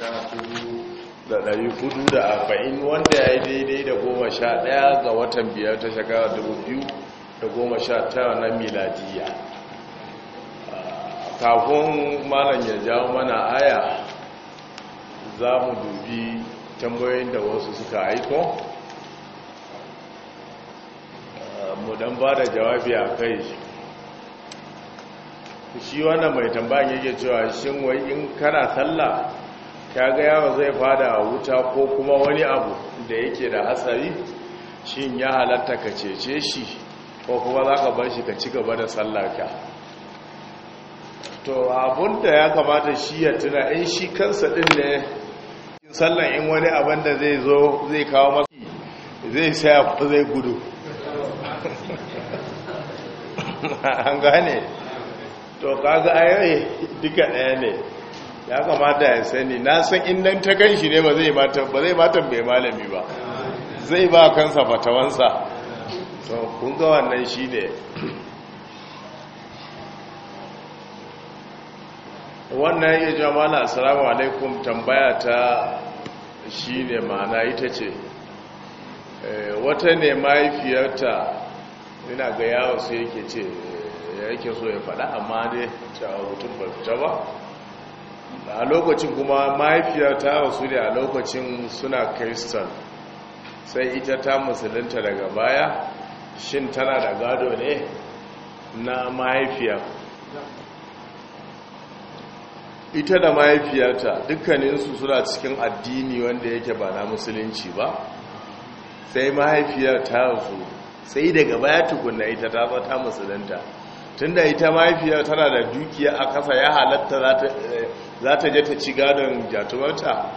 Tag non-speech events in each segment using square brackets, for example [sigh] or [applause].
shekara da wanda ya yi daidai da goma sha ɗaya ga watan biyar ta shekara dubu biyu da goma sha tara na miladiya ah, kafin malam ya jawo mana aya za mu dubi tambayoyin da wasu suka aiko ah, mu dan ba da jawabi a kai shi wanda mai tambayin yake cewa shin wai in kana sallah Ka ga yawa zai fada a wuta ko kuma wani abu da yake da hatsari shin ya halatta ka cece shi ko kuma za ka bar shi ka ci gaba da sallaka. to abun da ya kamata shi ya tuna in shi kansa din ne sallan in wani abin da zai zo zai kawo masu zai saya zai gudu [laughs] an gane to kaga ayoyi duka ɗaya ne ya kamata ya sani na san indan ta kan shi ne ba zai matan bai malami ba zai ba kansa fatawansa so kun ga wannan shi ne wannan ya jamala assalamu alaikum tambaya ta shi ne ma'ana ita ce eh, wata ne mahaifiyarta yana ga yawon su yake ce yake so ya fada amma ne cewa mutum bai fita ba a lokacin kuma mahaifiyata wasu ne a lokacin suna kristal sai ita ta musulunta daga baya shin tana da gado ne na mahaifiya ita da mahaifiyarta dukkaninsu suna cikin addini wanda yake ba na musulunci ba sai mahaifiyar ta wasu sai daga baya tukunna ita ta zata musulunta tunda ita mafiya tana da dukiya a kasa ya halatta za ta je ta ci gadon jatumarta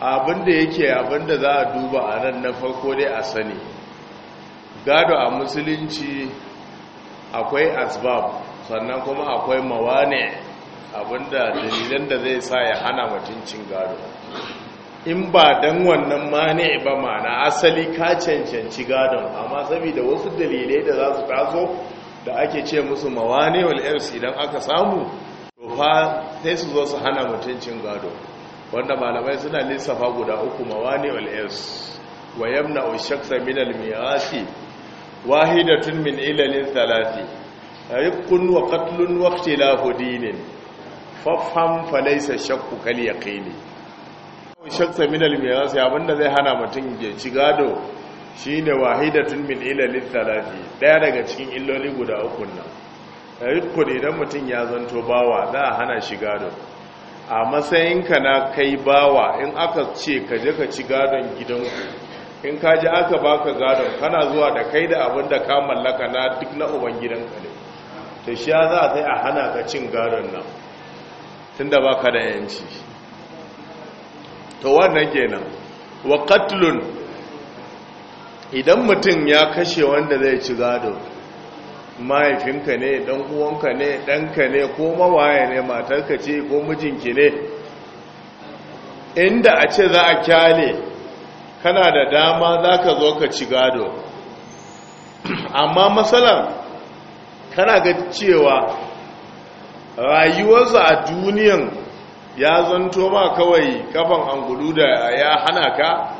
abinda yake abinda za a duba a nan na farko dai a sani gado a musulunci akwai asbab sannan kuma akwai mawane abinda dalilan da zai sa ya hana mutuncin gado in ba don wannan mane ba mana asali ka cancanci gadon amma saboda wasu dalilai da za su taso da ake ce musu mawane wal idan aka samu to fa sai su zo su hana mutuncin gado wanda malamai suna lissafa guda uku mawani wal irs wa yamna shakhsa min al miyasi wahidatun min ilalin thalathi riqqun wa qatlun wa ikhtilafu dinin fafham fa laysa shakku kal yaqini shakhsa min al abinda zai hana mutum ya ci gado shi ne wahidatun min ilalin talafi ɗaya daga cikin illoli guda ukun nan ne idan mutum ya zanto bawa za a hana shi gadon a ka na kai bawa in aka ce ka je ka ci gadon gidanku in ka ji aka baka gadon kana zuwa da kai da abin da ka mallaka na duk na uban gidanka ne ta shi ya za a sai a hana ka cin gadon nan tun da baka da yanci to wannan kenan wa qatlun idan mutum ya kashe wanda zai ci gado mahaifinka ne ɗan uwanka ne ɗanka ne ko mawaye ne matarka ce ko mijinki ne inda a ce za a kyale kana da dama za ka zo ka ci gado amma matsalan kana ga cewa rayuwarsa a duniyan ya zanto ma kawai kafan angulu da ya hana ka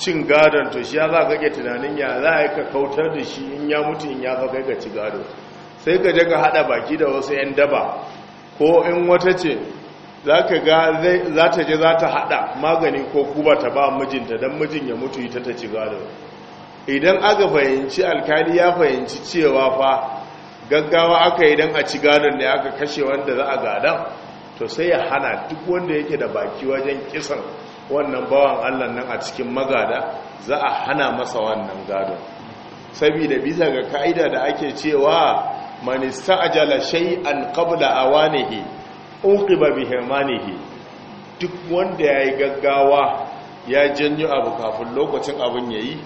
cin gadon to shi ya za ka ke tunanin ya za a yi ka kautar da shi in ya mutu in ya kai ka ci gado sai ka je ka baki da wasu 'yan daba ko in wata ce za ta je za ta haɗa magani ko kuba ta ba mijinta don mijin ya mutu ita ta ci gado idan aka fahimci alkali ya fahimci cewa fa gaggawa aka yi don a ci gadon da aka kashe wanda za a gadon, to sai ya hana duk wanda yake da baki wajen kisan wannan bawan allah nan a cikin magada za a hana masa wannan gadon saboda bisa ga ka'ida da ake cewa man ista'jala shay'an qabla awanihi uqiba bihi manihi duk wanda yayi gaggawa ya janyo abu kafin lokacin abun yayi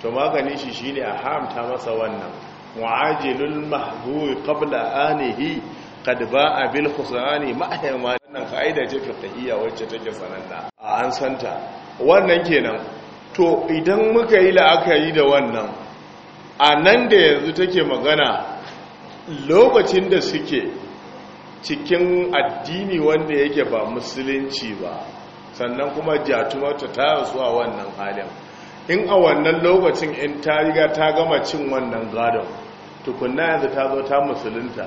to maganin shi shine a hamta masa wannan mu'ajilul mahdhur qabla anihi qad ba'a bil khusani ma wannan kaida ce fiqhiyya wacce take sananna an santa wannan kenan to idan muka yi la'akari da wannan a nan da yanzu take magana lokacin da suke cikin addini wanda yake ba musulunci ba sannan kuma jatumata ta rasu a wannan halin in a wannan lokacin in ta riga ta gama cin wannan gadon tukunna yanzu ta zo ta musulunta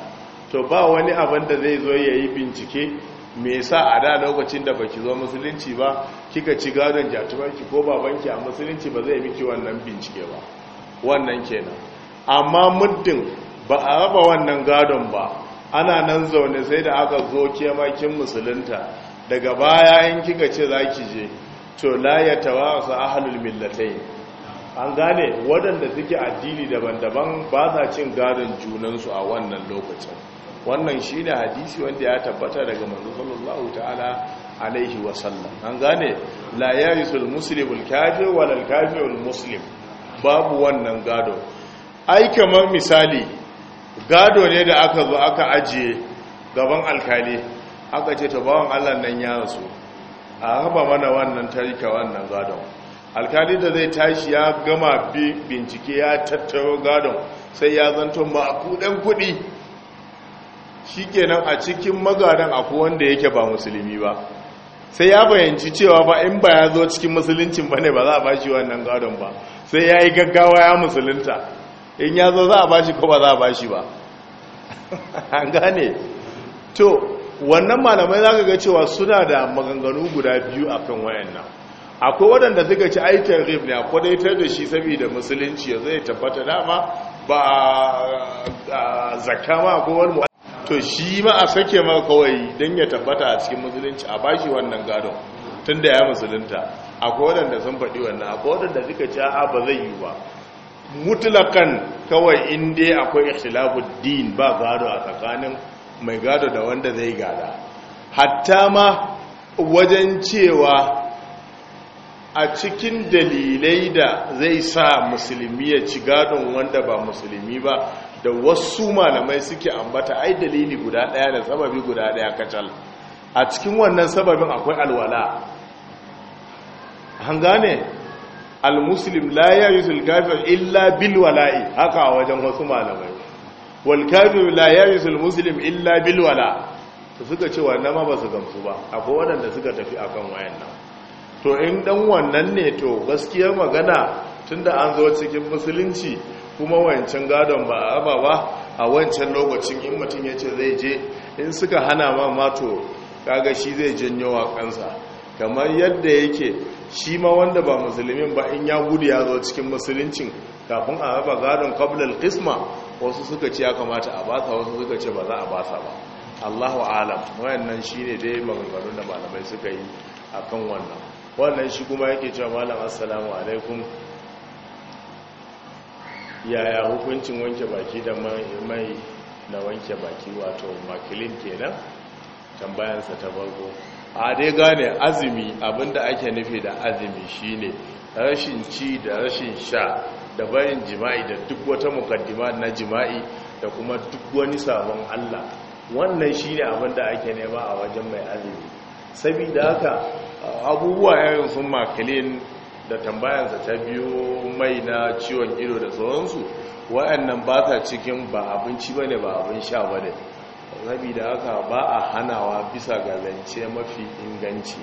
to ba wani abin da zai zo ya yi bincike me yasa a da lokacin da baki zo musulunci ba kika ci gadon jatumarki ko babanki a musulunci ba zai miki wannan bincike ba wannan kenan amma muddin ba a raba wannan gadon ba ana nan zaune sai da aka zo kemakin musulunta daga baya in kika ce za ki je to la ya tawasa ahlul millatai an gane waɗanda suke addini daban-daban ba sa cin gadon junansu a wannan lokacin wannan shi ne hadisi wanda ya tabbata daga manzo sallallahu ta'ala alaihi wasallam an gane la yarisul muslimul kafir walal kafirul muslim babu wannan gado ai kamar misali gado ne da aka zo aka ajiye gaban alkali aka ce ta bawan Allah nan ya rasu a haba mana wannan tarika wannan gado. alkali da zai tashi ya gama bincike ya tattaro gado sai ya zanto ma kuɗin kuɗi shikenan a cikin magadan akwai wanda yake ba musulmi ba sai ya bayanci cewa ba in ba ya zo cikin musuluncin ba ne ba za a bashi wannan gadon ba sai ya yi gaggawa ya musulunta in ya zo za a bashi ko ba za a bashi ba [laughs] an gane to wannan malamai za ka ga cewa suna da maganganu guda biyu a kan wayannan akwai waɗanda suka ci aikin rib ne a kwadaitar da shi saboda musulunci ya zai tabbata dama ba a zakama ko wani to shi ma a sake ma kawai don ya tabbata a cikin musulunci a bashi wannan gado tun da ya musulunta akwai waɗanda sun faɗi wannan akwai da suka ci a ba zai yi ba mutlakan kawai in dai akwai ikhtilafu din ba gado a tsakanin mai gado da wanda zai gada hatta ma wajen cewa a cikin dalilai da zai sa musulmi ya ci gadon wanda ba musulmi ba da wasu malamai suke ambata ai dalili guda daya da sababi guda daya kacal a cikin wannan sababin akwai alwala an gane almuslim la ya yi kafir illa bil wala'i haka a wajen wasu malamai wal kafin la yi muslim illa bil wala to suka ce wannan ma ba su gamsu ba akwai wadanda suka tafi a akan nan. to in dan wannan ne to gaskiyar magana tunda an zo cikin musulunci kuma wancan gadon ba a raba ba a wancan lokacin in mutum ya ce zai je in suka hana ma mato kaga shi zai janyo wa kansa kamar yadda yake shi ma wanda ba musulmin ba in ya gudu ya zo cikin musuluncin kafin a raba gadon kablal kisma wasu suka ce ya kamata a basa wasu suka ce ba za a basa ba allahu alam wayannan shi ne dai maganganun da malamai suka yi a kan wannan wannan shi kuma yake cewa malam assalamu alaikum yaya hukuncin wanke baki da mai na wanke baki wato makilin kenan tambayansa ta farko a dai gane azumi abinda ake nufi da azumi shine rashin ci da rashin sha da bayan jima'i da duk wata mukaddima na jima'i da kuma duk wani sabon Allah wannan shine abinda ake nema a wajen mai azumi Sabida haka abubuwa yayin sun makilin da tambayansa ta biyu mai na ciwon ido da tsawonsu wa'annan ba ta cikin ba abinci ba ne ba abin sha ba ne da haka ba a hanawa bisa ga zance mafi inganci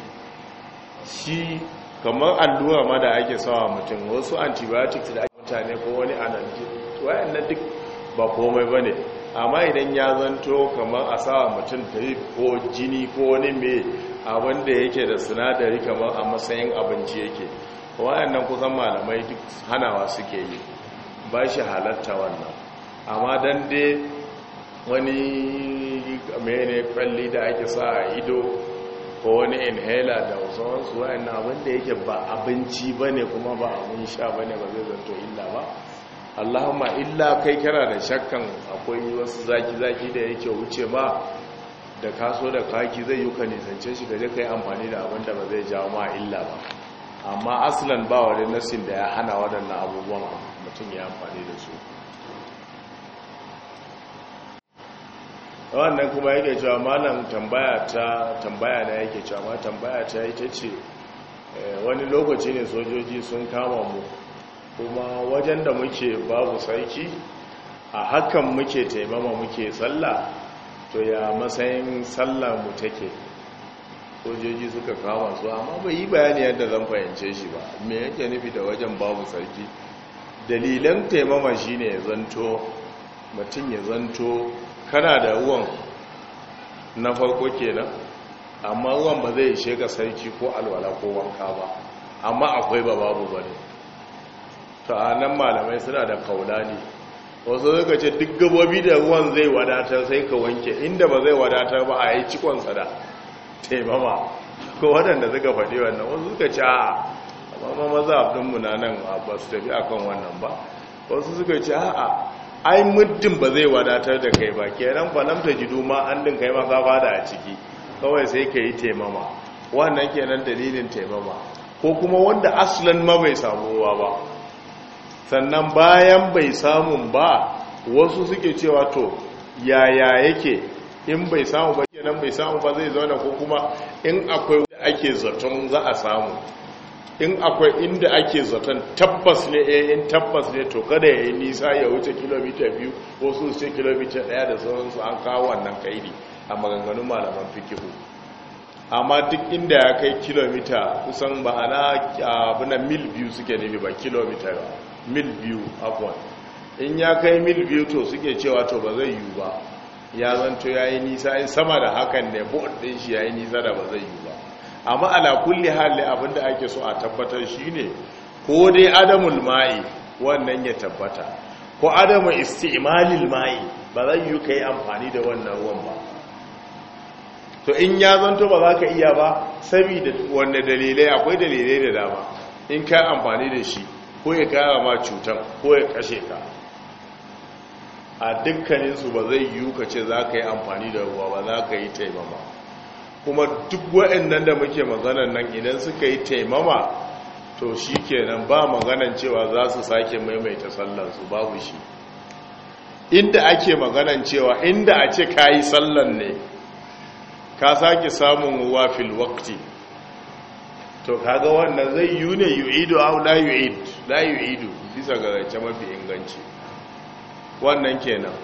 shi kamar allura ma da ake sawa mutum wasu antibiotics da ake mutane ko wani analgesic wa'annan duk ba komai ba ne amma idan ya zanto kamar a sawa mutum ta yi ko jini ko wani mai abinda yake da sinadari kamar a matsayin abinci yake wayannan kusan malamai duk hanawa suke yi ba shi halatta wannan amma dan dai wani mene kwalli da ake sa a ido ko wani inhaler da wasu waɗannan abin wanda yake ba abinci ba ne kuma ba abin sha ba ne ba zai zato illa ba allahumma illa kai kana da shakkan akwai wasu zaki-zaki da yake wuce ba da kaso da kaki zai yi ka nisance shi gaje ka yi amfani da abin da ba zai jawo ma illa ba amma asilan ba wa nasin da ya hana waɗannan abubuwan mutum ya amfani da su wannan kuma yake cewa malam tambaya ta tambaya na yake cewa ma tambaya ta ita ce eh, wani lokaci ne sojoji sun kama mu kuma wajen da muke babu sarki a hakan muke taimama muke sallah to ya matsayin tsalla mu take sojoji suka kama su amma bai yi bayani yadda zan fahimce shi ba me yake nufi da wajen babu sarki dalilan taimama shine ya zanto mutum ya zanto kana da ruwan na farko kenan amma ruwan ba zai ishe ka sarki ko alwala ko wanka ba amma akwai ba babu ba ne nan malamai suna da kaulani wasu suka ce duk gabobi da ruwan zai wadatar sai ka wanke inda ba zai wadatar ba a yi cikon sada taimama ko waɗanda suka faɗi wannan wasu suka ci a amma maza abdinmu na nan ba su tafi akan wannan ba wasu suka ci a ai muddin ba zai wadatar da kai ba kenan nan ta jidu ma an din kai ma ka fada a ciki kawai sai ka yi taimama wannan kenan dalilin taimama ko kuma wanda aslan ma bai samu ba sannan bayan bai samun ba wasu suke cewa to yaya yake in bai samu ba kenan bai samu ba zai zauna ko kuma in akwai wanda ake zaton za a samu in akwai inda ake zaton tabbas ne eh, in tabbas ne to kada ya yi nisa ya wuce kilomita biyu ko su ce kilomita daya da sauransu an kawo wannan kaidi a maganganun malaman fikihu amma duk inda ya kai kilomita kusan ba ana abuna mil biyu suke nemi ba kilomita mil biyu akwai in ya kai mil biyu to suke cewa to ba zai yiwu ba ya zanto ya yi nisa in sama da hakan ne buɗin shi ya yi nisa da ba zai yi ba amma ala kulli hali abinda ake so a tabbatar shi ne ko dai adamul ma'i wannan ya tabbata ko adamu isti'malil ma'i ba zai yi yi amfani da wannan ruwan ba to in ya zanto ba za ka iya ba saboda wanda dalilai akwai dalilai da dama in ka amfani da shi ko ya kara ma cutar ko ya kashe ka a dukkaninsu ba zai yiwu ka ce za ka yi amfani da ruwa ba za ka yi taimama kuma duk waɗannan da muke maganan nan idan suka yi taimama to shi kenan ba maganan cewa za su sake maimaita su, babu shi inda ake maganan cewa inda a ce ka yi sallan ne ka sake samun ruwa fil wakti to kaga wannan zai yiwu ne yu'idu au la yu'id la yu'idu bisa ga zance mafi inganci wannan kenan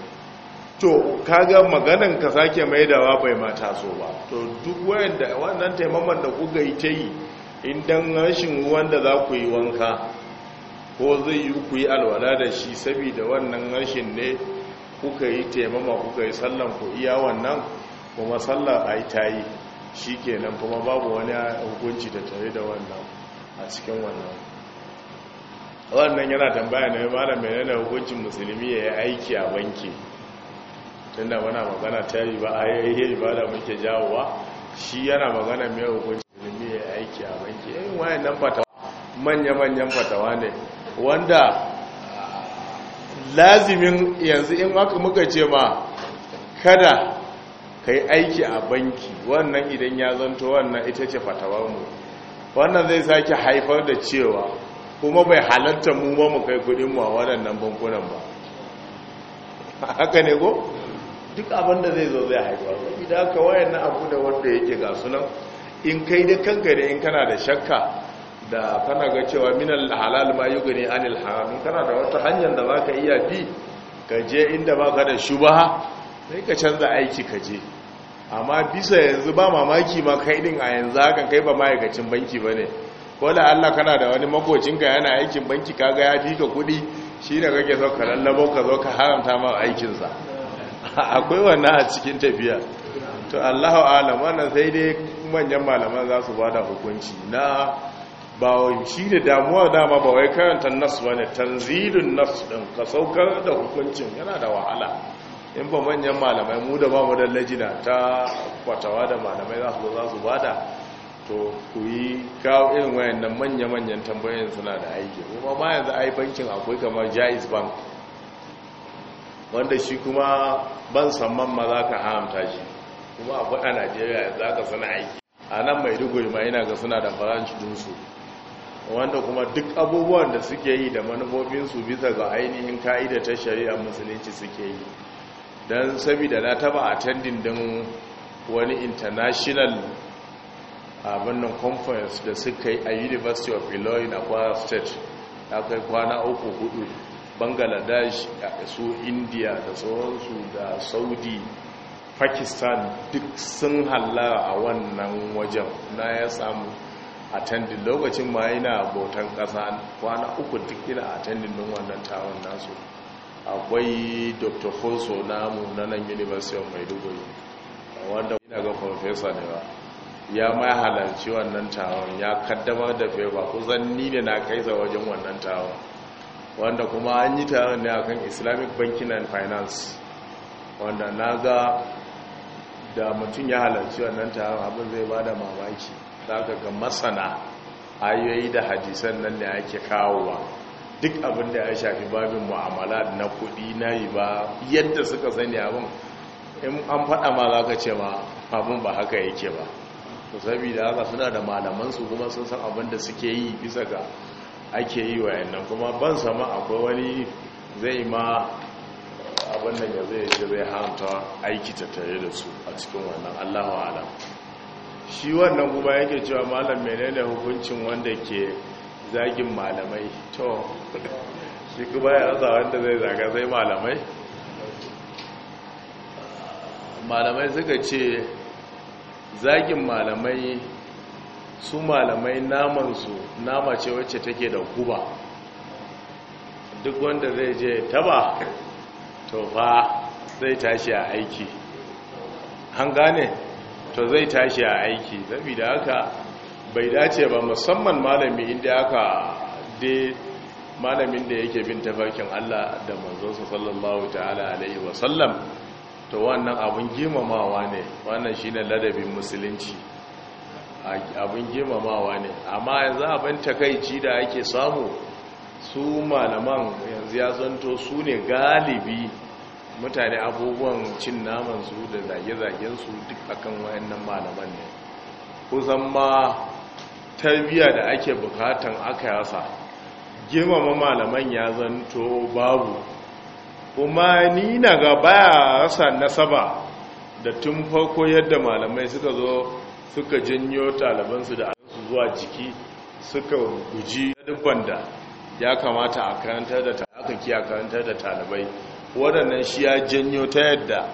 to kaga maganan ka sake mai da wa bai mata so ba to duk wanda wannan taimaman da kuka yi ta yi idan rashin wanda za ku yi wanka ko zai yi ku yi alwala da shi saboda wannan rashin ne kuka yi taimama kuka yi sallan ku iya wannan kuma sallar ai ta yi shi kenan kuma babu wani hukunci da tare da wannan a cikin wannan wannan yana tambaya ne malam menene hukuncin musulmi ya yi aiki a banki tunda muna magana ta yi ba a ba ibada muke jawowa shi yana magana mai hukuncin musulmi ya yi aiki a banki yayin nan fatawa manya-manyan fatawa ne wanda lazimin yanzu in aka muka ce ma kada ka yi aiki a banki wannan idan ya zanto wannan ita ce mu. wannan zai sake haifar da cewa kuma bai halatta mu ma mu kai kudin mu a waɗannan bankunan ba haka ne ko duk abin da zai zo zai haifar idan aka wayan na abu da wanda yake ga sunan in kai da kanka da in kana da shakka da kana ga cewa minal halal ma yughni anil haram kana da wata hanyar da baka iya bi ka je inda baka da shubha sai ka canza aiki ka je amma bisa yanzu ba mamaki ma kai din a yanzu hakan kai ba ma'aikacin banki bane ko da Allah kana da wani makocinka yana aikin banki kaga ya fi ka kuɗi shi da kake so ka lallabo ka zo ka haramta ma aikinsa [laughs] akwai wannan a cikin tafiya to Allahu alam wannan sai dai manyan malaman za su bada hukunci na ba shi da damuwa dama ba wai karanta nas bane tanzilun nas din ka saukar da hukuncin yana da wahala in ba manyan malamai mu da ba mu da lajina ta kwatawa da malamai za su za su bada to ku yi kawo irin wayannan manya-manyan tambayoyin suna da aiki kuma ma yanzu ai bankin akwai kamar jais bank wanda shi kuma ban samman ma za ka haramta shi kuma akwai a najeriya za ka suna aiki a nan mai duguri ma yana ga suna da faranci dinsu wanda kuma duk abubuwan da suke yi da manufofinsu bisa ga ainihin ka'ida ta shari'a musulunci suke yi don sabida na taba attending din wani international A wannan conference da suka yi a university of illinois na kwara state ya kai kwana uku hudu bangladesh su india da tsoronsu da saudi pakistan duk sun hallara a wannan wajen na ya samu attending lokacin ma yana bautan kasa kwana uku duk ina attending din wannan taron nasu akwai dr fonso namu na nan university of maiduguri wanda ina ga professor ne ba ya mai halarci wannan tawon ya kaddamar da feba ku ni ne na kaisa wajen wannan tawon wanda kuma an yi tawon ne akan islamic banking and finance wanda na ga da mutum ya halarci wannan tawon abin zai ba da mamaki za ka ga masana ayoyi da hadisan nan ne ake kawowa duk abin da ya shafi babin mu'amala na kuɗi na yi ba yadda suka sani abin in an faɗa ma za ka ce ma abin ba haka yake ba to saboda haka suna da malamansu kuma sun san abin da suke yi bisa ga ake yi wa yannan kuma ban sama akwai wani zai ma abin nan ya zai ce zai hanta aiki ta tare da su a cikin wannan allahu alam shi wannan kuma yake cewa malam menene hukuncin wanda ke zagin malamai to shi kuma ya rasa wanda zai zaga sai malamai malamai suka ce zagin malamai su malamai namansu nama ce wacce take da kuba duk wanda zai je taba to fa zai tashi a aiki an gane to zai tashi a aiki saboda haka bai dace ba musamman malami inda aka de malamin da yake bin tafarkin Allah da manzonsa sallallahu ta'ala alaihi wasallam to wannan abin girmamawa ne wannan shi ne ladabin musulunci abin girmamawa ne amma yanzu abin takaici da ake samu su malaman yanzu ya zanto su ne galibi mutane abubuwan cin naman su da zage-zagen su duk akan wayannan malaman ne kusan ma tarbiya da ake bukatan aka yasa girmama malaman ya zanto babu kuma ni na gaba rasa nasaba da tun farko yadda malamai suka zo suka janyo talibansu da su zuwa jiki suka guji dubban da ya kamata a karantar da akaki a karantar da talibai waɗannan shi ya janyo ta yadda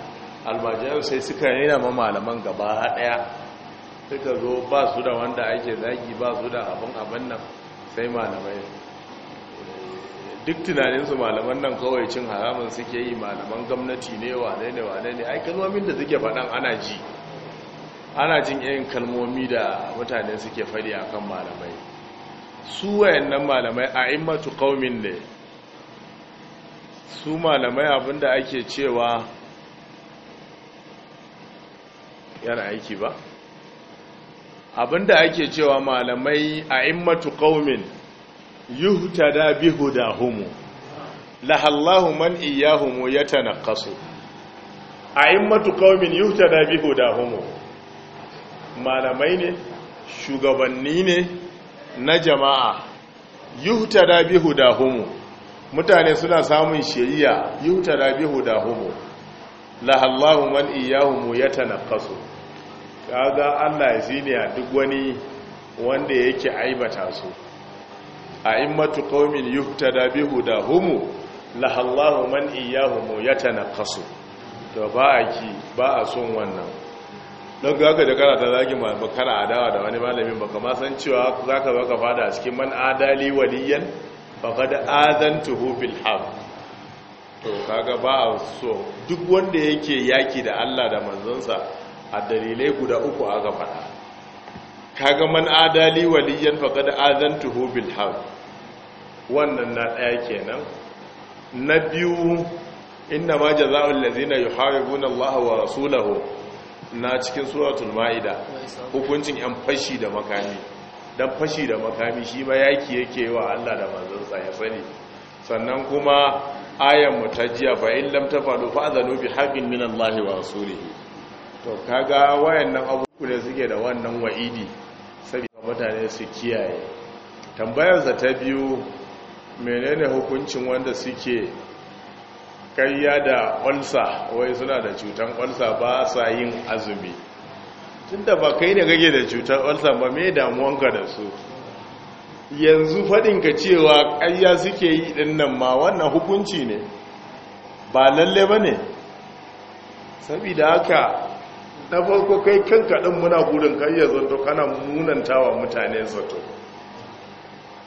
almajiran sai suka nuna ma malaman gaba ɗaya suka zo ba su da wanda ake zagi ba su da abin abin nan sai malamai duk tunaninsu malaman nan kawai cin haramun suke yi malaman gwamnati ne wane ne wane ne ai kalmomin da suke faɗan ana ji ana jin yin kalmomi da mutane suke faɗi a kan malamai su nan malamai a immatu kaumin ne su malamai abinda ake cewa yana aiki ba abinda ake cewa malamai a immatu ƙaumin yuhtada bihudahumu lahallahu man iyahumu yatanaqasu a'immatu qaumin yuhtada bihudahumu malamai ne shugabanni ne na jama'a yuhtada bihudahumu mutane suna samun shari'a yuhtada bihudahumu lahallahu man iyahumu yatanaqasu kaga Allah ya a duk wani wanda yake aibata su a immatu qaumin yuhtada humu, lahallahu man iyyahum yatanaqasu to ba a ki ba a son wannan don ga da kana ta zagi makana adawa da wani malamin baka kamar san cewa zaka baka fada a cikin man adali waliyan faqad adantuhu bil hab to kaga ba a so duk wanda yake yaki da Allah da manzonsa a dalilai guda uku aka faɗa kaga man adali waliyan faqad adantuhu bil hab wannan na ɗaya kenan na biyu inna ma jaza'ul ladzina yuharibuna Allah wa rasulahu na cikin suratul maida hukuncin yan fashi da makami dan fashi da makami shi ma yaki yake wa Allah da manzon ya sani sannan kuma ayan mutajiya fa in lam faɗo fa azanu bi haqqin min Allah wa rasulihi to kaga wayannan abubuwa da suke da wannan wa'idi saboda mutane su kiyaye tambayar za ta biyu menene hukuncin wanda suke kayya da ƙwalsa wai suna da cutar ƙwalsa ba sa yin azumi tun da ba kai ne gage da cutar ƙwalsa ba mai damuwanka da su yanzu faɗinka cewa kayya suke yi ɗinnan ma wannan hukunci ne ba lalle ba ne saboda haka na farko kai kanka ɗin muna gudun kayya zato kana wa mutane zato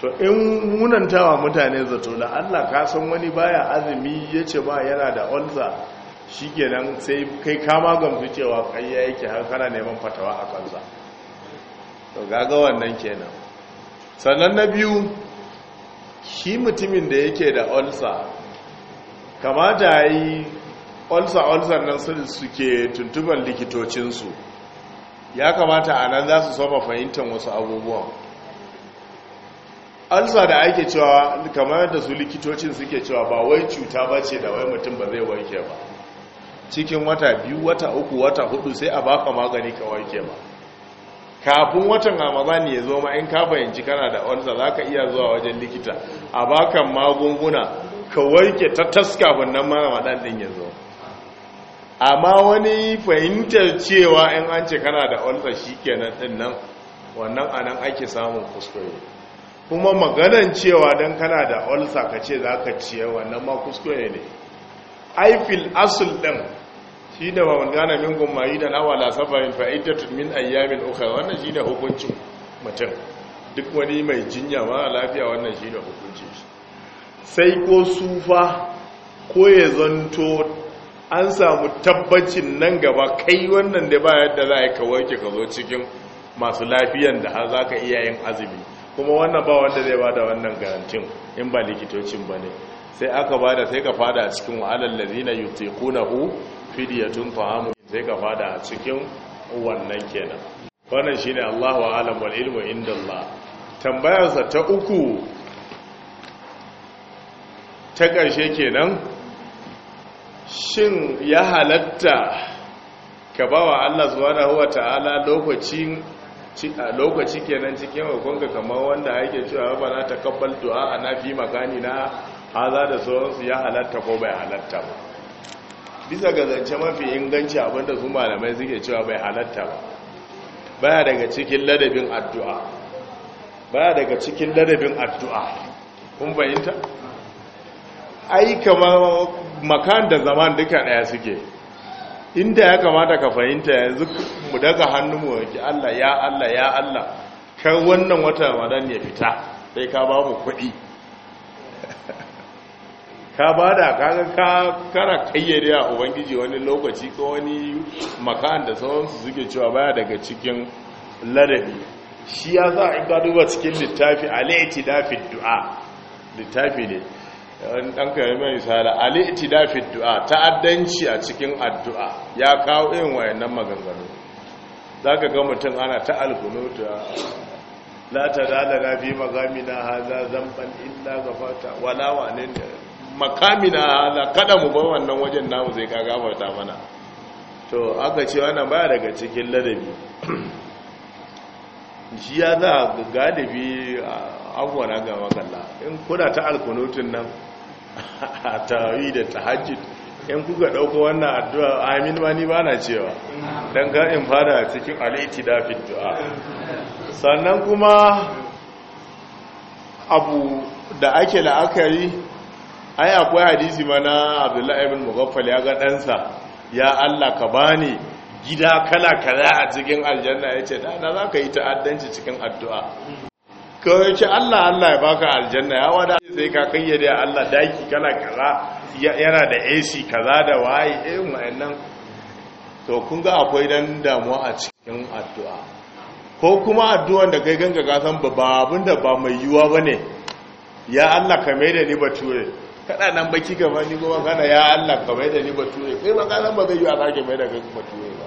to in munantawa mutane zato da Allah ka san wani baya azumi yace ba yana da ulza shikenan sai kai kama gamsu cewa kayya yake har neman fatawa a kansa to gaga wannan kenan sannan na biyu shi mutumin da yake da ulsa kamata yi ulsa ulsa nan su suke tuntuban likitocinsu ya kamata a nan za su soma fahimtar wasu abubuwan alsa da ake cewa kamar yadda su likitocin suke cewa ba wai cuta ba ce da wai mutum ba zai wanke ba cikin wata biyu wata uku wata hudu sai a baka magani ka warke ba kafin watan ramadan ya zo ma in ka fahimci kana da za ka iya zuwa wajen likita a baka magunguna ka wanke ta taska wannan ramadan din ya zo amma wani fahimtar cewa in an ce kana da ulsa shikenan din nan wannan anan ake samun kuskure kuma maganan cewa don kana da olsa ka ce za ka ciye wannan ma ne aifil asul ɗin shi da ba wangana min yi da na wala safarin fa'idatun min ayyamin uka wannan shi da hukuncin mutum duk wani mai jinya ma lafiya wannan shi da hukuncin shi sai ko sufa ko ya zanto an samu tabbacin nan gaba kai wannan da ba yadda za ka warke ka zo cikin masu lafiyan da har za ka iya yin azumi kuma wannan ba wanda zai bada wannan garantin in ba likitocin ba ne sai aka bada sai ka fada a cikin wa'alar lazina Hu, fidiyatun Fahamu. sai ka fada a cikin wannan kenan wannan shi shine Allahu a'lam wal ilmu allah tambayarsa ta uku ta ƙarshe kenan shin ya halatta ka ba wa Allah huwa ta'ala lokacin a lokaci kenan cikin hukunka kamar wanda ake cewa ba na takabbal du'a na fi makani na haza da sauransu ya halatta ko bai halatta ba bisa ga zance mafi inganci abinda su malamai suke cewa bai halatta ba baya daga cikin ladabin addu'a baya daga cikin ladabin addu'a kun fahimta ai kamar makan da zaman duka daya suke inda ya kamata ka fahimta yanzu mu daga hannun mu wanki Allah ya Allah ya Allah kar wannan wata Ramadan ya fita sai ka ba mu kuɗi [laughs] ka ba da kaga ka kara kayyade a ubangiji wani lokaci ko wani makan da sauransu suke cewa baya daga cikin ladabi shi ya za a duba cikin littafi alaiti dafi du'a littafi ne ɗan kayan mai misali aliti dafi du'a ta'addanci a cikin addu'a ya kawo irin wayannan maganganu za ka ga mutum ana ta alkunutu da ta na fi makamina haza zamban illa fata wala wane ne makamina haza kada mu bar wannan wajen namu zai ka gafarta mana to aka ce wannan baya daga cikin ladabi [clears throat] shi ya za galibi na ga makalla in kuna ta alkunutun nan a tarawi da tahajjud yan kuka ɗauka wannan addu'a amin ma ni ba na cewa don in fara cikin alaiti dafin du'a sannan kuma abu da ake la'akari ai akwai hadisi mana abdullahi ibn mughaffal ya ga ɗansa ya allah ka bani gida kala kala a cikin aljanna ya ce da za ka yi ta'addanci cikin addu'a kawai ce Allah Allah ya baka aljanna ya wada sai ka kayyade Allah daki kana kaza yana da AC kaza da waye eh wayannan to kun ga akwai dan damuwa a cikin addu'a ko kuma addu'an da kai ganga ka san ba abin da ba mai yuwa bane ya Allah ka mai da ni bature kada nan baki gaba ni goma kana ya Allah ka mai da ni bature kai ba kana ba zai yiwa ka mai da kai bature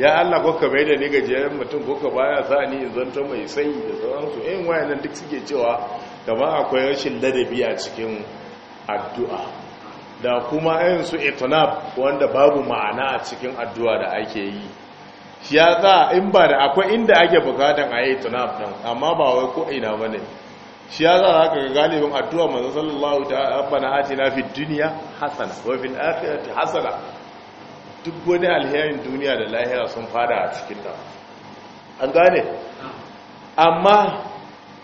ya Allah ko ka mai da ni gajeren mutum ko ka baya sa ni in zanta mai sanyi da sauransu in eh, nan duk suke cewa kamar akwai rashin ladabi a cikin addu'a da kuma yin su itinab wanda babu ma'ana a cikin addu'a da ake yi shi ya za in ba da akwai inda ake bukatan a yi itinab nan amma ba wai ko ina ba ne shi ya za za ga galibin addu'a manzo sallallahu ta abana ati na fi duniya hasana wa fil akhirati hasana duk wani alherin duniya da lahira sun fara a cikin ta an gane amma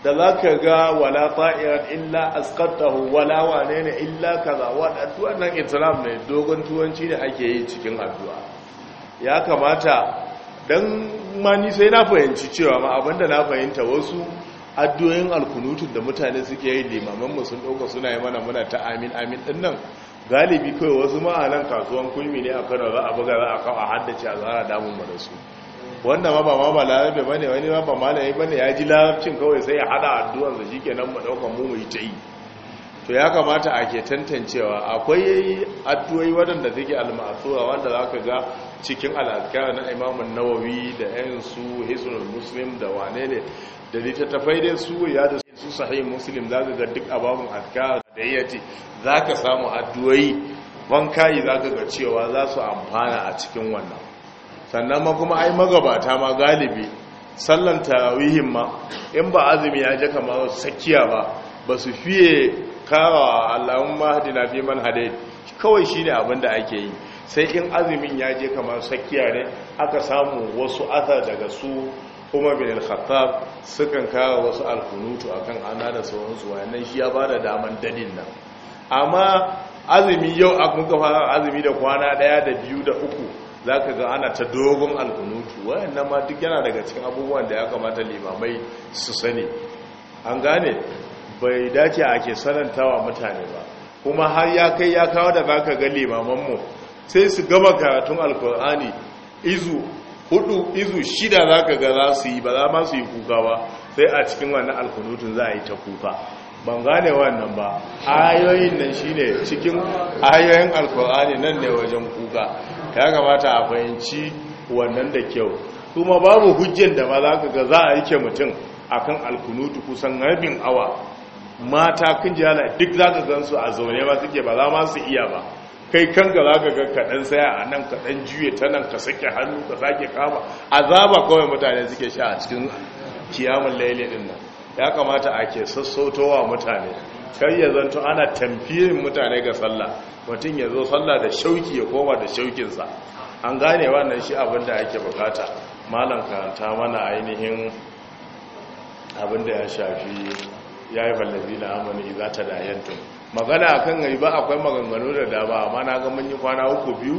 da za ka ga wala ta'irar illa askatahu wala wane ne illa kaza waɗansu wannan islam ne dogon tuwanci da ake yi cikin addu'a ya kamata don mani sai na fahimci cewa ma abinda na fahimta wasu addu'o'in alkunutun da mutane suke yi limamanmu sun ɗauka suna yi mana muna ta amin amin ɗin nan galibi kawai wasu ma'anan kasuwan kulmi ne a kano za a buga za a kawo a haddace a zara damun mu da su wanda ma ba ma ba larabe bane wani ma ba malami bane ya ji larabcin kawai sai ya haɗa addu'an da sa nan mu daukan mu muyi ta yi to ya kamata a ke tantancewa akwai addu'ai wadanda take al-ma'thura wanda zaka ga cikin al na Imam nawawi da 'yan su Hisnul Muslim da wane ne da littattafai dai su ya da su sahih muslim za ga duk ababun azkar da ce za ka samu addu'o'i wankayi za ka ga cewa za su amfana a cikin wannan sannan ma kuma ai magabata ma galibi sallan tarawihin ma in ba azumi ya je kamar sakiya ba ba su fiye karawa allahun mahadi na biman hadai kawai shi ne da ake yi sai in azumin ya je kamar sakiya ne aka samu wasu asar daga su Kuma bin al-khattab sukan kawo wasu alkunutu akan ana da sauransu wayannan shi ya bada daman dalil nan amma azumi yau a kun kafa azumi da kwana daya da biyu da uku zaka ga ana ta dogon alkunutu wayannan ma duk yana daga cikin abubuwan da ya kamata limamai su sani an gane bai dace ake sanantawa mutane ba kuma har ya kai ya kawo da zaka ga mu, sai su gama karatun alkur'ani izu hudu izu shida za ka ga su yi ba za ma su yi kuka ba sai a cikin wannan alkunutun za a yi ta kuka ban gane wannan ba ayoyin nan shine cikin ayoyin alkur'ani nan ne wajen kuka ya kamata a fahimci wannan da kyau kuma babu hujjan da ba za ka ga za a ke mutum a kan alkunutu kusan rabin awa mata kun jihala duk za ka gansu a zaune ba suke ba za ma su iya ba kai kan za ka ga kaɗan saya a nan kaɗan juye ta nan ka sake hannu ka sake kama azaba kawai mutane suke sha a cikin kiyamun laili ɗin nan ya kamata a ke sassautowa mutane kar ya zanto ana tamfiyin mutane ga sallah mutum ya zo sallah da shauki ya koma da shaukinsa an gane wannan shi abin da ake bukata malam karanta mana ainihin abin da ya shafi ya yi ballabi na amini za ta dayantu magana a kan ba akwai maganganu da dama amma na ga manyan kwana uku biyu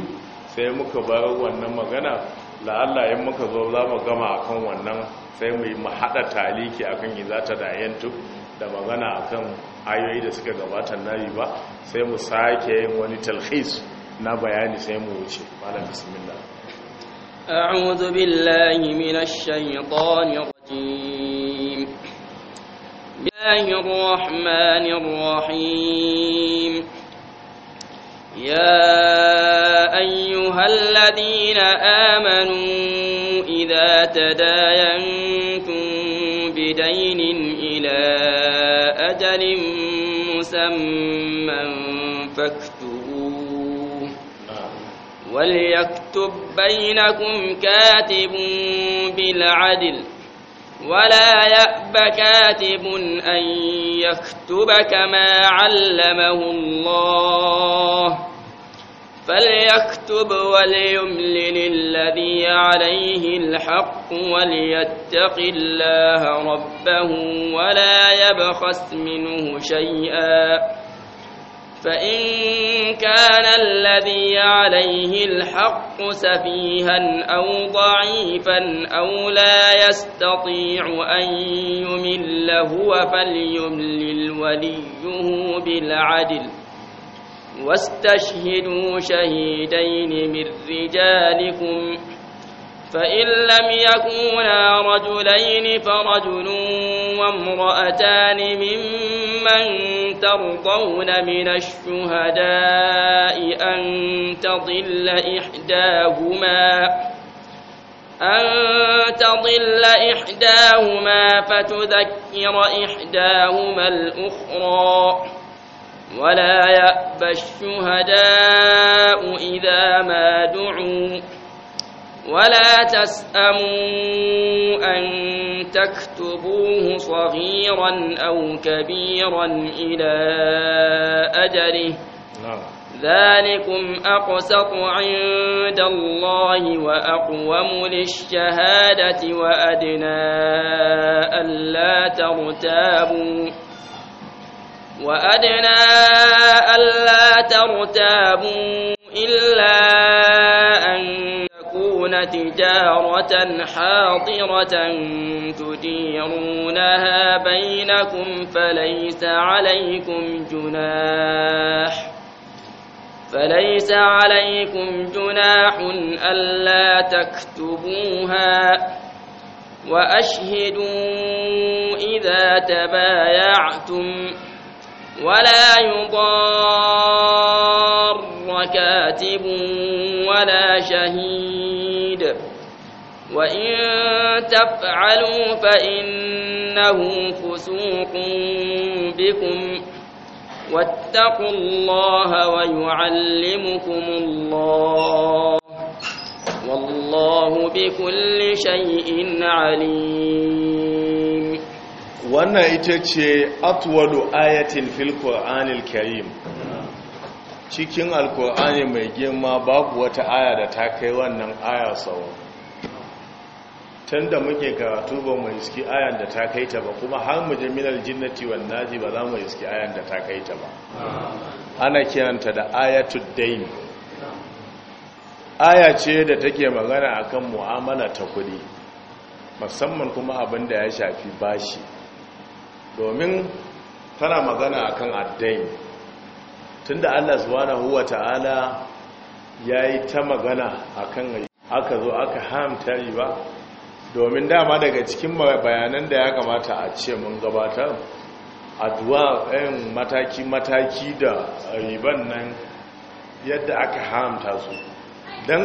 sai muka bar wannan magana la'alla yin muka zo za mu gama a kan wannan sai mu yi mahaɗa taliki a kan za ta dayantu da magana a kan ayoyi da suka gabata na riba sai mu sake yin wani talhis na bayani sai mu wuce malam bismillah أعوذ بالله من الشيطان الرجيم الله الرحمن الرحيم يا أيها الذين آمنوا إذا تداينتم بدين إلى أجل مسمى فاكتبوه نعم. وليكتب بينكم كاتب بالعدل ولا يأب كاتب أن يكتب كما علمه الله فليكتب وليملل الذي عليه الحق وليتق الله ربه ولا يبخس منه شيئا فإن كان الذي عليه الحق سفيها أو ضعيفا أو لا يستطيع أن يمل هو فليملل وليه بالعدل واستشهدوا شهيدين من رجالكم فإن لم يكونا رجلين فرجل وامرأتان ممن ترضون من الشهداء أن تضل إحداهما أن تضل إحداهما فتذكر إحداهما الأخرى ولا يأبى الشهداء إذا ما دعوا ولا تسأموا أن تكتبوه صغيرا أو كبيرا إلى أجله نعم. ذلكم أقسط عند الله وأقوم للشهادة وأدنى ألا ترتابوا وأدنى ألا ترتابوا إلا أن تكون تجارة حاضرة تديرونها بينكم فليس عليكم جناح فليس عليكم جناح ألا تكتبوها وأشهدوا إذا تبايعتم ولا يضار كاتب ولا شهيد وإن تفعلوا فإنه فسوق بكم واتقوا الله ويعلمكم الله والله بكل شيء عليم وانا ايتاتشي اطول آية في القرآن الكريم cikin alkur'ani mai girma babu wata aya da ta kai wannan aya tsawo can da muke karatu ba mu iski ayan da ta kaita ba kuma har mu jami'ar jinnati wal naji ba za mu iski ayan da ta kai ta ba ana kiranta da ayatul dain aya ce da take magana akan mu'amala ta kudi musamman kuma abin da ya shafi bashi domin tana magana akan addain tunda Allah subhanahu wata'ala yayi ta magana akan aka zo aka hamta riba domin dama daga cikin bayanan da ya kamata a ce mun gabatar addu'a ɗayan mataki-mataki da riban nan yadda aka haramta su don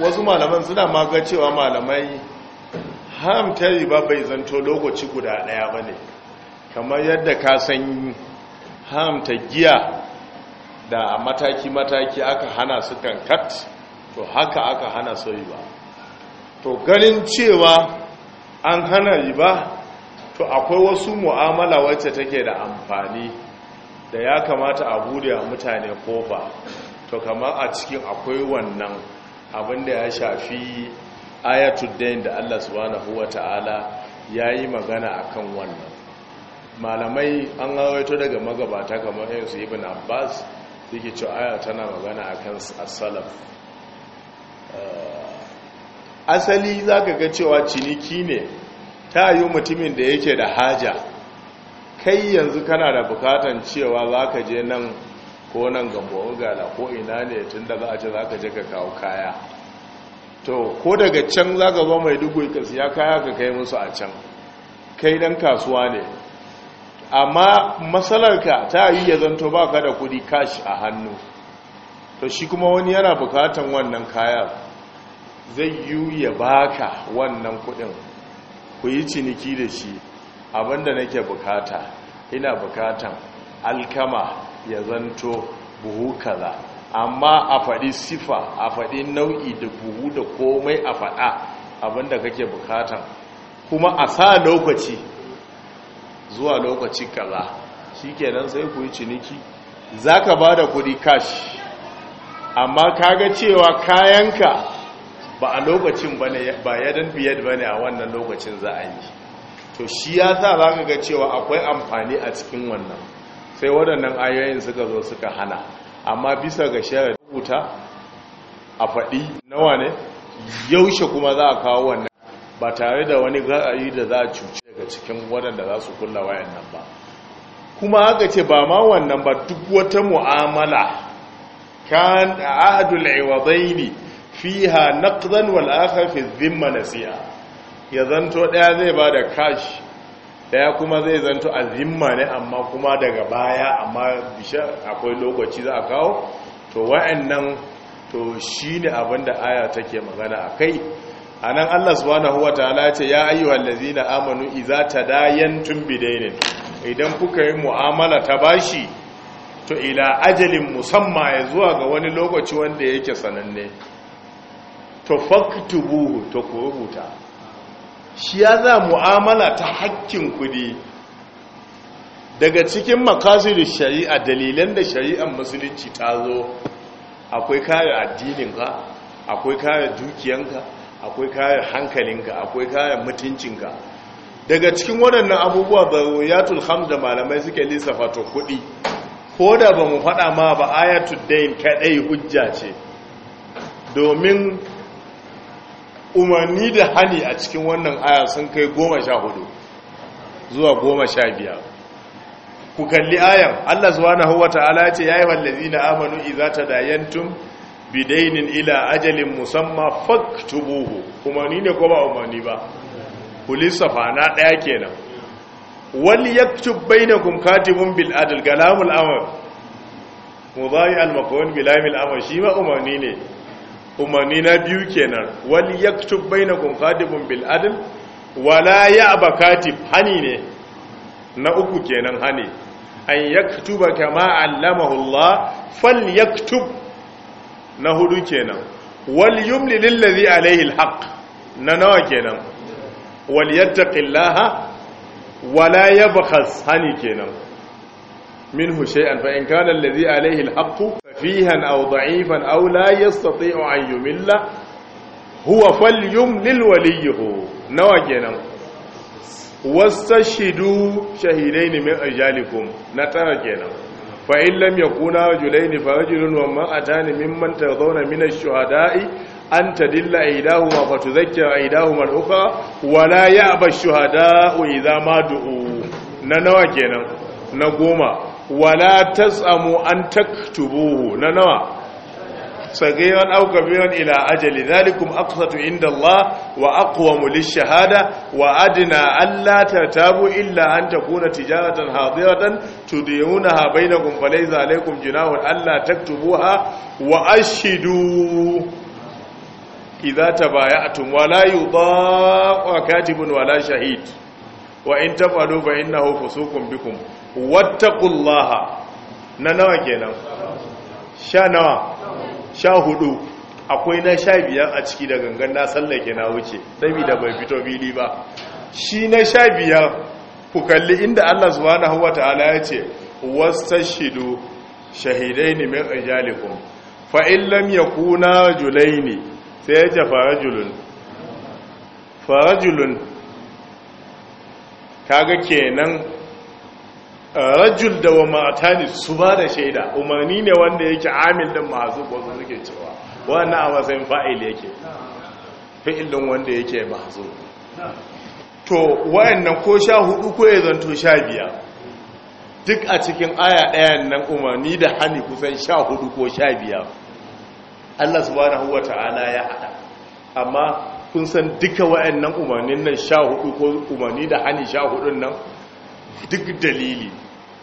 wasu malaman suna maga cewa malamai haramta riba bai zanto lokaci guda ɗaya ba ne kamar yadda ka san haramta giya da mataki-mataki aka hana su kan kat to haka aka hana su riba to ganin cewa an hana riba to akwai wasu mu'amala wacce take da amfani da ya kamata a bude a mutane ba to kama a cikin akwai wannan abinda ya shafi ayatuddain da Allah subhanahu wata'ala ya yi magana akan wannan malamai an gawaito daga magabata kamar yin su ibn abbas suke cewa aya tana magana akan asalaf eh, asali za ka ga cewa ciniki ne ta yi mutumin da yake da haja kai yanzu kana da bukatan cewa za ka je nan ko nan gambo gala ko ina ne tun da za a ce za ka je ka kawo kaya to ko daga can za ka zo mai dubu ka siya kaya ka kai musu a can kai dan kasuwa ne amma matsalarka ta yi ya zanto ba ka da kudi kashi a hannu to shi kuma wani yana bukatan wannan kaya zai yi ya baka wannan kudin ku yi ciniki da shi abinda nake bukata ina bukatan alkama ya zanto buhu kaza amma a faɗi sifa a faɗi nau'i da buhu da komai a faɗa abinda kake bukatan kuma a sa lokaci zuwa lokaci kaza shi nan sai ku yi ciniki ba da kudi kashi. amma ka ga cewa kayanka ba a lokacin ba ne ba yadan biyar ba a wannan lokacin za a yi to shi ya sa za ka ga cewa akwai amfani a cikin wannan sai waɗannan ayoyin suka zo suka hana amma bisa ga shara rubuta a faɗi nawa ne yaushe kuma za a kawo wannan ba tare da wani ra'ayi da za a cuci daga cikin waɗanda za su kulla wayannan ba kuma aka ce ba ma wannan ba duk wata mu'amala kan a'adul iwadaini fiha naqdan wal akhar fi dhimma nasiha ya zanto daya zai bada cash daya kuma zai zanto azimma ne amma kuma daga baya amma bisha akwai lokaci za a kawo to wa'annan to shine abinda aya take magana akai anan Allah subhanahu wataala ya ce ya ayyuhal ladzina amanu idza tadayantum bidaynin idan kuka yi mu'amala ta bashi to ila ajalin musamma ya zuwa ga wani lokaci wanda yake sananne to faktubuhu to rubuta shi ya za mu'amala ta hakkin kudi daga cikin makasir shari'a dalilan da shari'ar musulunci ta zo akwai kare addininka akwai kare dukiyanka akwai kare hankalinka akwai kare mutuncinka daga cikin waɗannan abubuwa yatul hamza malamai suke lissafa ta kuɗi ko da ba mu faɗa ma ba ayatul dain kaɗai hujja ce domin umarni da hani a cikin wannan aya sun kai goma sha hudu zuwa goma sha biya. ku kalli ayan allah zuwa na hawa ta'ala ce ya yi wallazi na amanu za ta dayantun bidainin ila ajalin musamman faktubuhu umarni ne ko ba umarni ba ku lissafa na ɗaya kenan wani yaktub bainakum katibun bil adl galamul amr mudai al maqawin bil amr shi ma umarni ne umarni na biyu kenan wal yaktub bainakum katibun bil adl wala ya'ba katib hani ne na uku kenan hani an yaktuba kama allamahu Allah fal yaktub na hudu kenan wal yumli lil ladhi alayhi na nawa kenan wal yattaqillaha wala yabkhas hani kenan minhu shay'an fa in kana alladhi alayhi al fihan aw da'ifan aw la yastati'u an yumilla huwa falyumlil waliyhu nawa kenan wastashidu shahidaini min ajalikum na tara kenan fa in lam yakuna rajulaini fa rajulun wa ma atani mimman min ash-shuhada'i an tadilla aydahuma fa tudhakkira aydahuma al-ukhra wa la ya'ba ash-shuhada'u idha ma na nawa kenan na goma wala tasamu an taktubu na nawa sagiran aw ila ajali zalikum aqsatu inda Allah wa aqwamu lishahada wa adna alla tatabu illa an takuna tijaratan hadiratan tudirunaha bainakum falaysa alaykum junahun alla taktubuha wa ashhidu idza tabaya'tum wa la yudha'u katibun wa la shahid wa in taf'alu fa innahu fusuqun bikum wattakullaha na nawa kenan sha nawa sha hudu akwai na sha biyar a ciki da gangan na sallake na wuce saboda bai fito fili ba shi na sha biyar ku kalli inda Allah subhanahu wataala ya ce wastashidu shahidaini min rijalikum fa in lam yakuna julaini sai ya ce farajulun farajulun kaga kenan rajul da wa ma'atani su ba da shaida umarni ne wanda yake amil din masu wasu suke cewa wannan a matsayin fa'il yake fi'ilin wanda yake masu to wayannan ko sha hudu ko ya zanto sha biya duk a cikin aya ɗayan nan umarni da hannu kusan sha hudu ko sha biya Allah subhanahu ta'ala ya hada. amma kun san duka wayannan umarnin nan sha hudu ko umarni da hannu sha hudun nan duk dalili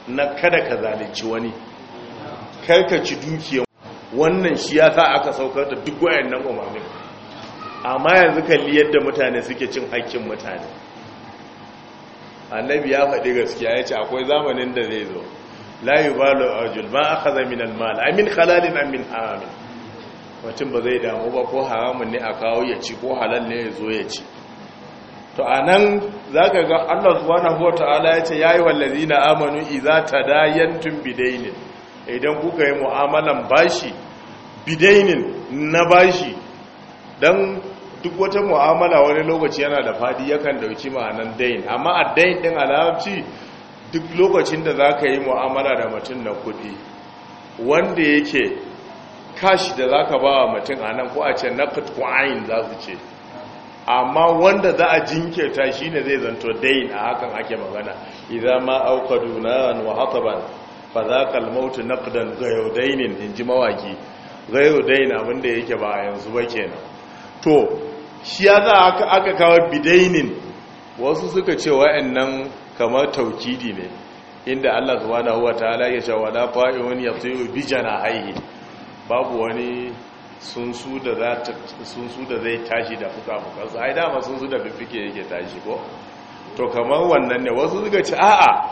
na kada ka zalunci wani karkaci dukiyar wannan shi ya sa aka saukar da duk wayan nan umarni amma yanzu kalli yadda mutane suke cin haƙƙin mutane annabi ya faɗi gaskiya ya ce akwai zamanin da zai zo la ba aka zami nan min almal amin halalin amin amin mutum ba zai damu ba ko haramun ne a kawo ya ci ko halal ne ya zo ya ci to a nan za ka ga allah subhanahu wa ta'ala ya ce ya yi wallazi na amanu iza ta dayantun bidainin idan kuka yi mu'amalan bashi bidainin na bashi don duk wata mu'amala wani lokaci yana da fadi yakan dauki ma'anan dain amma a dain din alabci duk lokacin da za ka yi mu'amala da mutum na kudi wanda yake kashi da za ka ba wa mutum a nan ko a ce na kutku za su ce amma wanda za a jinkirta shi ne zai zanto dain a hakan ake magana idan ma auka naran wa hataban fa za ka almautu naqdan gayo dainin in ji mawaki gayo dain abinda yake ba yanzu ba kenan to shi ya za aka kawo bidainin wasu suka ce wa'annan kamar taukidi ne inda Allah subhanahu wataala ya ce wani ya yatiru bi haihi babu wani sun su da zai tashi da fuka-fukansa ai dama sun su da fifike yake tashi ko to kamar wannan ne wasu suka ci a'a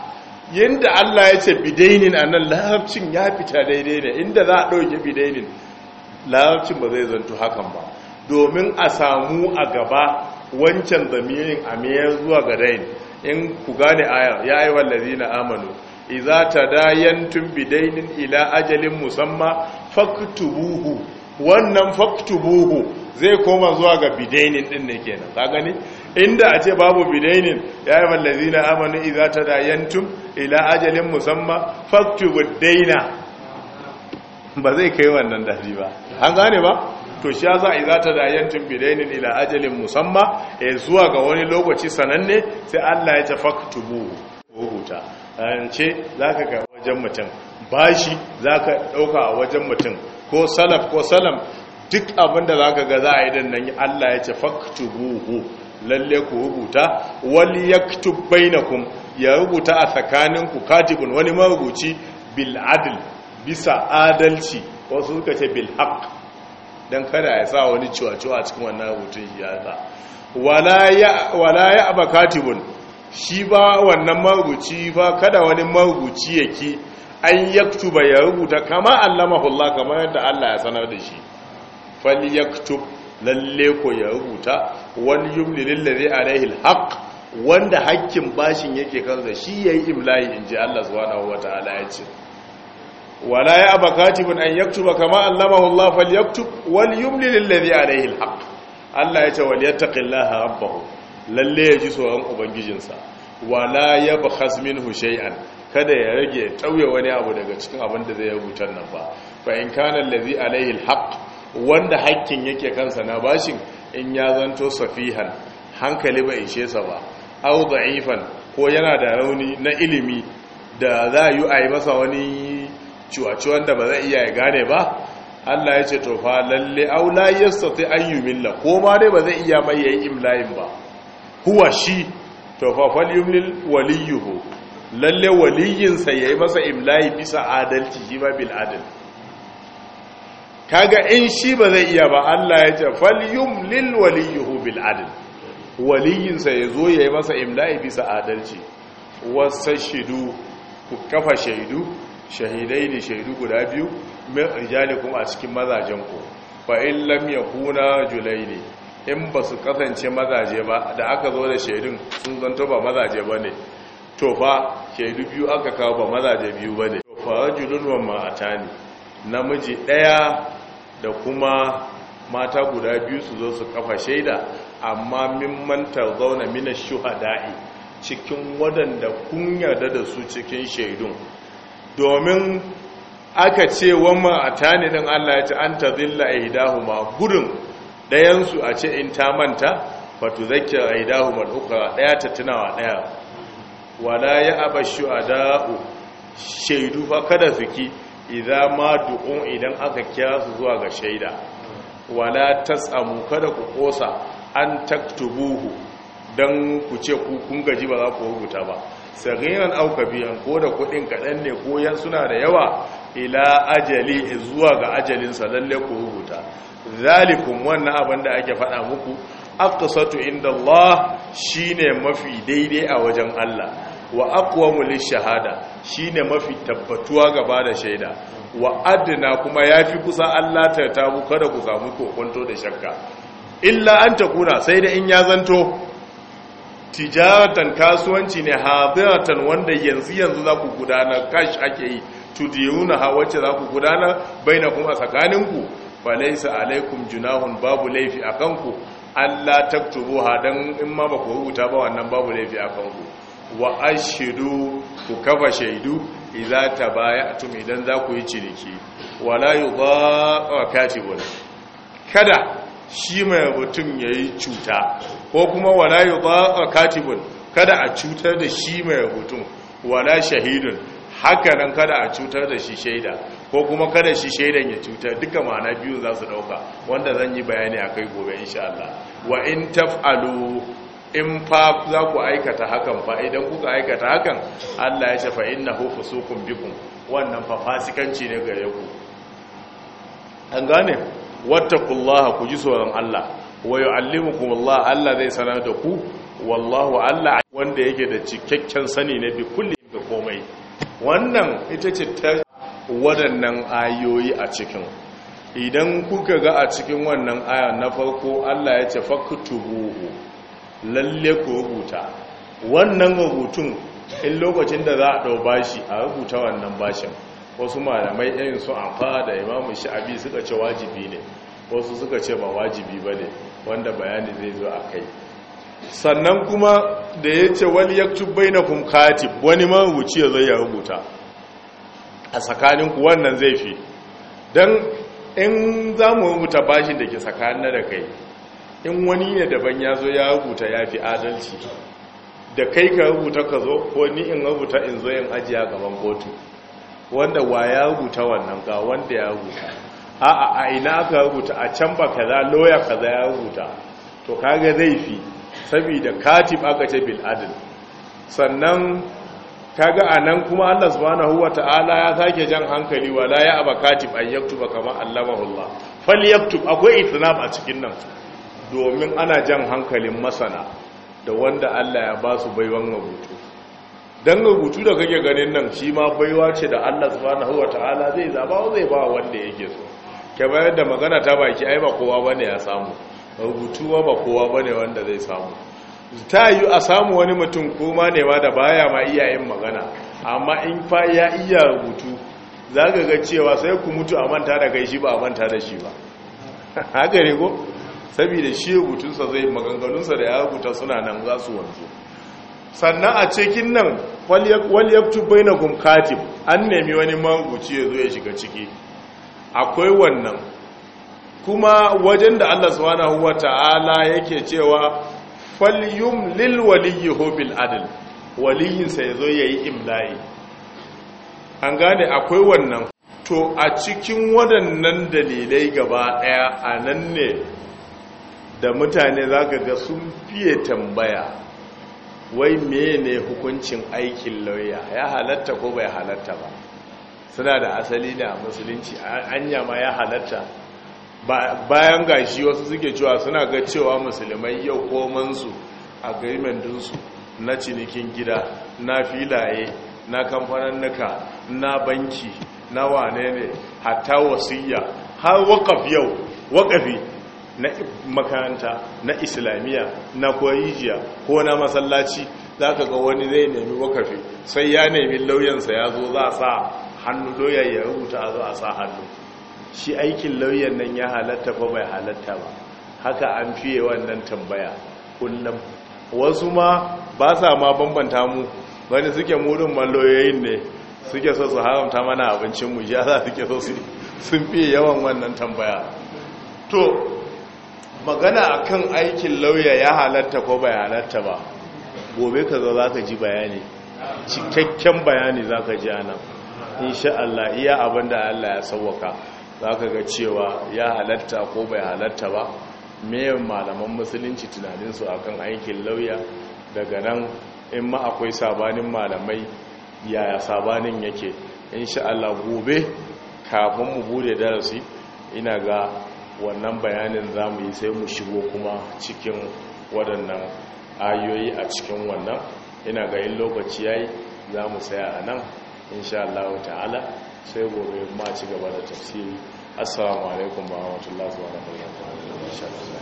yadda Allah ya ce bidainin a nan larabcin ya fita daidai ne inda za a ɗauke bidainin larabcin ba zai zanto hakan ba domin a samu a gaba wancan zamirin a mayar zuwa ga dain in ku gane ayar ya yi wallazi na amanu iza ta dayan tun bidainin ila ajalin musamman faktubuhu wannan faktu buhu zai koma zuwa ga bidainin din ne kenan ka gani inda a ce babu bidainin ya yi mallazina amanu idza tadayantum ila ajalin musamma faktubu daina ba zai kai wannan dadi ba an gane ba to shi ya yasa idza tadayantum bidainin ila ajalin musamma eh zuwa ga wani lokaci sananne sai Allah ya ce buhu rubuta an ce zaka ga wajen mutum bashi ka ɗauka a wajen mutum ko salaf ko salam duk abinda za ka ga za a yi nan, Allah ya ce faktubuhu lalle ku rubuta Wal yaktub bainakum ya rubuta a tsakaninku katibun wani marubuci bil adl bisa adalci wasu suka ce bil haqq dan kada ya sa wani ciwa a cikin wannan rubutun ya sa wala ya wala ya aba katibun shi ba wannan marubuci ba kada wani marubuci yake an yaktuba ya rubuta kama allamahu Allah kamar yadda Allah ya sanar da shi fal yaktub lalle ko ya rubuta wal yumli lillazi alaihi alhaq wanda hakkin bashin yake kansa shi yayi imla'i inji Allah subhanahu wataala ya ce wala ya abakatibun an yaktuba kama allamahu Allah fal yaktub wal yumli lillazi alaihi alhaq Allah ya ce wal yattaqillaha rabbahu lalle ya ji tsoron ubangijinsa wala yabkhas minhu shay'an kada ya rage tauye wani abu daga cikin abin da zai rubuta nan ba fa in kana allazi alaihi alhaq wanda hakkin yake kansa na bashin in ya zanto safihan hankali ba ishe sa ba aw da'ifan ko yana da rauni na ilimi da za yi a masa wani ciwaciwan da ba zai iya ya gane ba Allah ya ce to fa lalle aula yastati an yumilla ko ma dai ba zai iya mai yayi imlayin ba huwa shi to fa fal yumlil waliyuhu lalle waliyinsa ya yi masa imlayi bisa adalci shi ma bil adal kaga in shi ba zai iya ba Allah ya ce falyum lil waliyuhu bil adal waliyinsa ya zo ya yi masa imlayi bisa adalci wasa shidu ku kafa shaidu shahidai ne shaidu guda biyu min kuma a cikin mazajen ku fa in lam yakuna julaili in ba su kasance mazaje ba da aka zo da shaidun sun zanto ba mazaje ba ne Tofa shaidu biyu aka kawo ba da biyu ba ne fa rajulun wa ne, namiji ɗaya da kuma mata guda biyu su zo su kafa shaida amma mimman zauna mina shuhada'i cikin waɗanda kun yarda da su cikin shaidun domin aka ce wa ma'ata ne don Allah ya ce an ta zilla a ma gudun ɗayansu a ce in ta manta fatu zakiyar a idahuma ɗaya ta tunawa ɗaya wala ya aba shu'ada'u shaidu fa kada su ki idan ma du'un idan aka kira su zuwa ga shaida wala tasamu kada ku kosa an taktubuhu dan ku ce ku kun gaji ba za ku rubuta ba sagiran aw kabiyan ko da kudin kadan ne ko yan suna da yawa ila ajali zuwa ga ajalin sa lalle ku rubuta zalikum wannan abin da ake faɗa muku aqsatu inda shine mafi daidai a wajen Allah wa shahada shahada shine mafi tabbatuwa gaba da shaida wa adna kuma yafi kusa Allah ta tabu kada ku samu kokonto da shakka illa an takuna sai da in ya zanto tijaratan kasuwanci ne hadiratan wanda yanzu yanzu za ku gudana kash ake yi tudiyuna ha wacce za ku gudanar baina kuma fa laysa alaikum junahun babu laifi akanku Allah taktubuha dan in ma ba ku rubuta ba wannan babu laifi akanku wa ashidu ku kafa shaidu idza tabaya'tum idan za ku yi ciniki wala yudha katibun kada shi mai mutum yayi cuta ko kuma wala yudha katibun kada a cutar da shi mai mutum wala shahidun haka nan kada a cutar da shi shaida ko kuma kada shi shaidan ya cuta duka ma'ana biyu za su dauka wanda zan yi bayani akai gobe insha Allah wa in taf'alu in fa za ku aikata hakan fa idan kuka aikata hakan Allah ya ce fa innahu fusukum bikum wannan fa fasikanci ne gare ku an gane wattaqullaha ku ji tsoron Allah wa yu'allimukum Allah Allah zai sanar da ku wallahu Allah wanda yake da cikakken sani ne bi kulli ga komai wannan ita ce ta waɗannan ayoyi a cikin idan kuka ga a cikin wannan aya na farko Allah ya ce faktubuhu lalle ku rubuta wannan rubutun in lokacin da za a ɗau bashi a rubuta wannan bashin wasu malamai irin su amfana da imamu sha'abi suka ce wajibi ne wasu suka ce ba wajibi ba ne wanda bayani zai zo a kai sannan kuma da ya ce wani ya tubbai na kumkati, wani marubuci ya zai ya rubuta a tsakaninku wannan zai fi don in za mu rubuta bashin da ke tsakanin da kai in wani ne daban ya zo ya rubuta ya fi adalci da kai ka rubuta ka zo ko ni in rubuta in zo yin ajiya gaban kotu wanda wa ya rubuta wannan ga wanda ya rubuta a a a ina aka rubuta a can ba kaza lawyer kaza ya rubuta to kaga zai fi saboda katib aka ce bil adl sannan kaga anan kuma Allah subhanahu wata'ala ya sake jan hankali wala ya aba katib an yaktuba kama allama Allah fal yaktub akwai itnab a cikin nan domin ana jan hankalin masana da wanda Allah ya ba su baiwan rubutu dan rubutu da kake ganin nan shi ma baiwa ce da Allah subhanahu wataala zai zaba zai ba wanda yake so ke bayar da magana ta baki ai ba kowa bane ya samu rubutu ba kowa bane wanda zai samu ta yi a samu wani mutum koma ne ma da baya ma iyayen magana amma in fa ya iya rubutu za ga cewa sai ku mutu a manta da kai shi ba a manta da shi ba [laughs] haka ne ko saboda shi rubutunsa zai maganganunsa da ya rubuta suna nan za su wanzu sannan a cikin nan waliyabtu na katib an nemi wani marubuci ya zo ya shiga ciki akwai wannan kuma wajen da Allah subhanahu wata'ala yake cewa falyum lil waliyyi bil adl waliyinsa ya zo ya yi imla'i an gane akwai wannan to a cikin waɗannan dalilai gaba ɗaya a nan ne da mutane za ka ga sun fiye tambaya wai mene hukuncin aikin lauya ya halatta ko bai halatta ba suna da asali da musulunci anya ma ya halatta bayan gashi wasu suke cewa suna ga cewa musulmai yau komansu agreement dinsu na cinikin gida na filaye na kamfanannuka na banki na wane ne hatta wasiyya har wakaf yau wakafi na makaranta na islamiyya na kwayijiya ko na masallaci za ka ga wani zai nemi wakafi sai ya nemi lauyansa ya zo za a sa hannu doya ya rubuta a zo a sa hannu shi aikin lauyan nan ya halatta ba bai halatta ba haka an fiye wannan tambaya kullum wasu ma ba sa ma bambanta mu wani suke mudun lauyoyin ne suke so su haramta mana abincinmu ya za suke so sun fiye yawan wannan tambaya to magana akan aikin lauya ya halatta ko bai halatta ba gobe ka zo zaka ji bayani cikakken bayani zaka ji anan insha Allah iya da Allah ya sauwaka zaka ga cewa ya halatta ko bai halatta ba mayan malaman musulunci tunanin tunaninsu akan aikin lauya daga nan in ma akwai sabanin malamai yaya sabanin yake insha Allah gobe kafin mu bude darasi ina ga wannan bayanin za mu yi sai mu shigo kuma cikin waɗannan ayoyi a cikin wannan ina ga yin lokaci yi za mu saya a nan insha Allah ta'ala sai gobe ma ci gaba da tafsiri assalamu alaikum wa rahmatullahi wa barakatuh